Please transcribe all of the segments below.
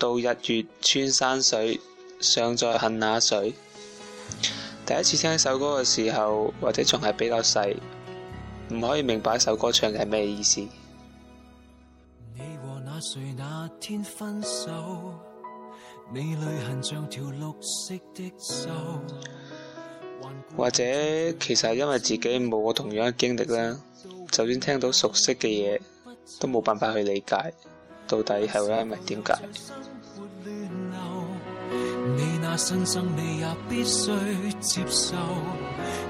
到日月穿山水，尚在恨那誰。第一次聽呢首歌嘅時候，或者仲係比較細，唔可以明白呢首歌唱嘅係咩意思。你我那時那天分手，你淚痕像條綠色的鏽。或者其實係因為自己冇過同樣嘅經歷啦，就算聽到熟悉嘅嘢，都冇辦法去理解。到底係為咩？點解？你你那那那心也必須接受，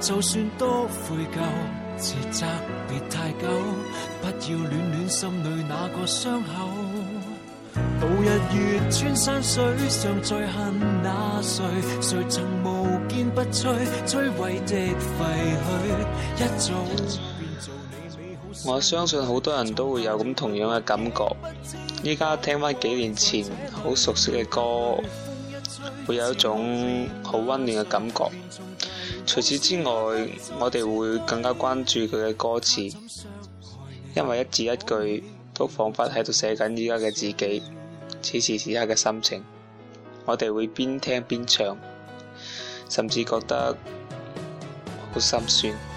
就算多悔疚，自責別太久，不不要心裡那個傷口，日山水上恨那誰，誰曾無堅不摧，摧一我相信好多人都會有咁同樣嘅感覺，依家聽返幾年前好熟悉嘅歌，會有一種好溫暖嘅感覺。除此之外，我哋會更加關注佢嘅歌詞，因為一字一句都彷彿喺度寫緊依家嘅自己，此時此刻嘅心情。我哋會邊聽邊唱，甚至覺得好心酸。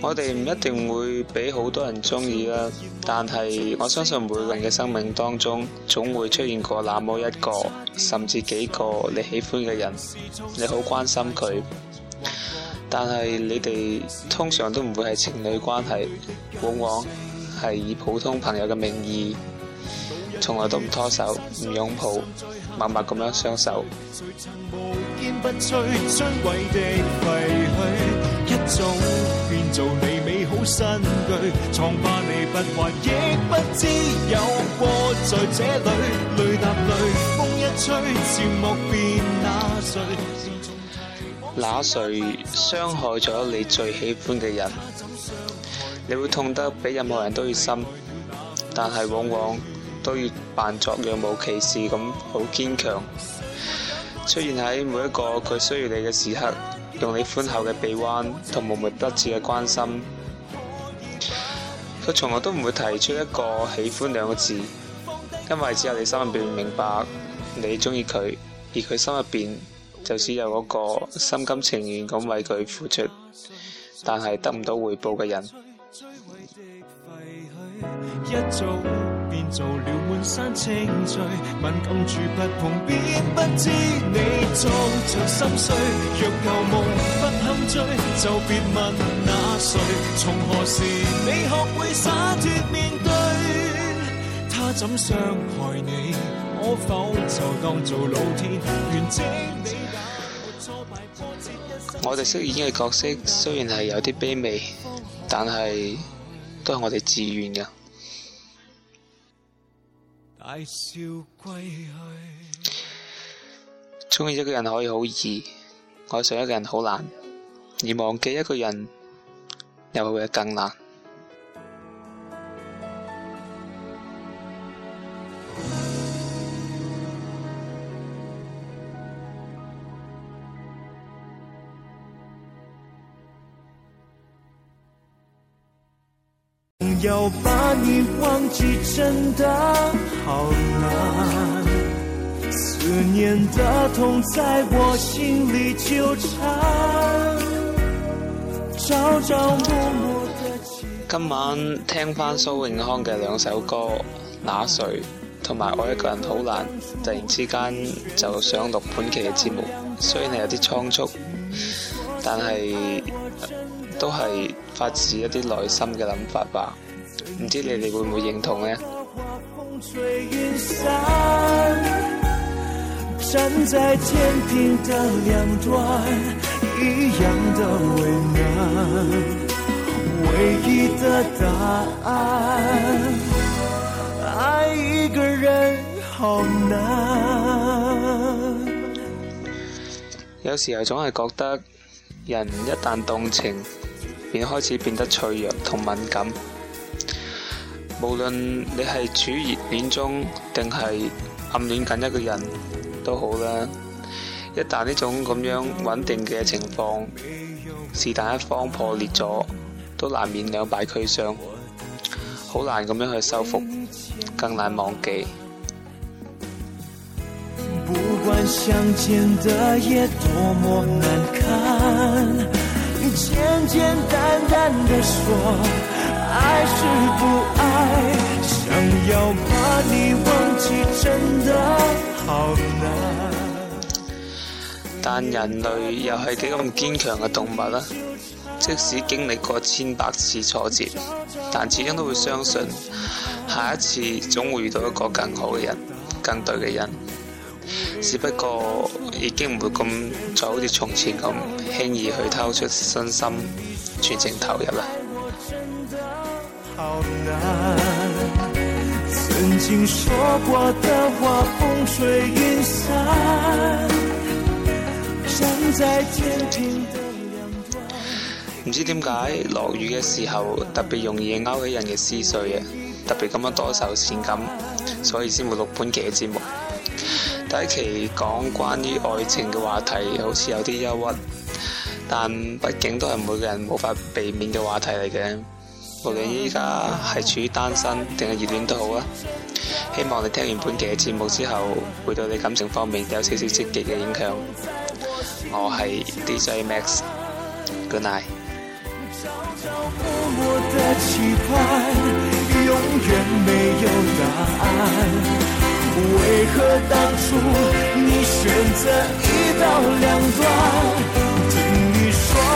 我哋唔一定會俾好多人中意啦，但係我相信每個人嘅生命當中，總會出現過那麼一個，甚至幾個你喜歡嘅人，你好關心佢。但係你哋通常都唔會係情侶關係，往往係以普通朋友嘅名義，從來都唔拖手、唔擁抱，默默咁樣相守。那誰傷害咗你最喜歡嘅人，你會痛得比任何人都要深，但係往往都要扮作若無其事咁好堅強，出現喺每一個佢需要你嘅時刻，用你寬厚嘅臂彎同無微不至嘅關心。佢從來都唔會提出一個喜歡兩個字，因為只有你心入邊明白你中意佢，而佢心入邊。就只有嗰個心甘情願咁為佢付出，但係得唔到回報嘅人。我哋飾演嘅角色雖然係有啲卑微，但係都係我哋自願嘅。中意一個人可以好易，愛上一個人好難，而忘記一個人又會更難。朝朝暮暮的今晚聽返蘇永康嘅兩首歌《那誰》同埋《愛一個人好難》，突然之間就想錄本期嘅節目，雖然係有啲倉促，但係、呃、都係發自一啲內心嘅諗法吧。唔知你哋會唔會認同呢 有時候總係覺得，人一旦動情，便開始變得脆弱同敏感。無論你係處於熱戀中定係暗戀緊一個人都好啦，一旦呢種咁樣穩定嘅情況是但一方破裂咗，都難免兩敗俱傷，好難咁樣去修復，更難忘記。但人類又係幾咁堅強嘅動物呢、啊？即使經歷過千百次挫折，但始終都會相信下一次總會遇到一個更好嘅人、更對嘅人。只不過已經唔會咁早好似從前咁輕易去掏出身心、全情投入啦。唔知點解落雨嘅時候特別容易勾起人嘅思緒嘅，特別咁樣多愁善感，所以先會錄本期嘅節目。第一期講關於愛情嘅話題，好似有啲憂鬱，但畢竟都係每個人無法避免嘅話題嚟嘅。無論依家係處於單身定係熱戀都好啊！希望你聽完本期嘅節目之後，會對你感情方面有少少積極嘅影響。我係 DJ Max，Good night。